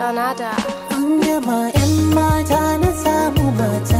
Anada. An yaba 'yan mata na sabu mata.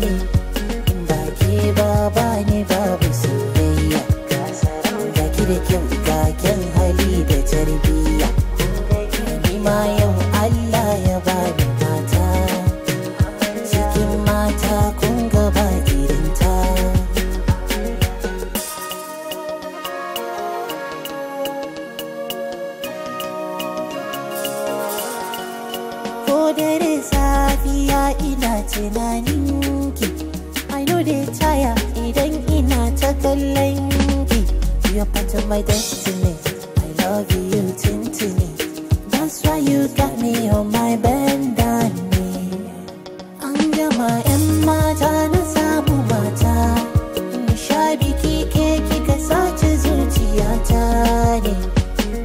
ne in ba ke ne babu soyayya ga ki da kyan hali da tarbiyya ni ma yau Allah ya ba ni mata cikin mata kun gaba irinta ko dare safiya ina tunani feeling You're part of my destiny I love you, Tintini That's why you got me on my bended 'yan mata na samu mata In sha biki ke kika sace zuciyata ne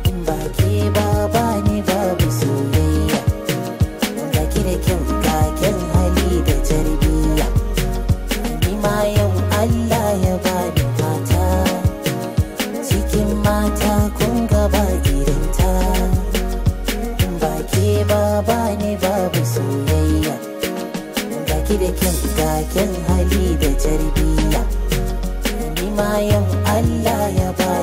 In ba ke ba ba babu soyayya Ga ki da kyau da kyan gaken hali da jarbiya nima yan Allah ya bani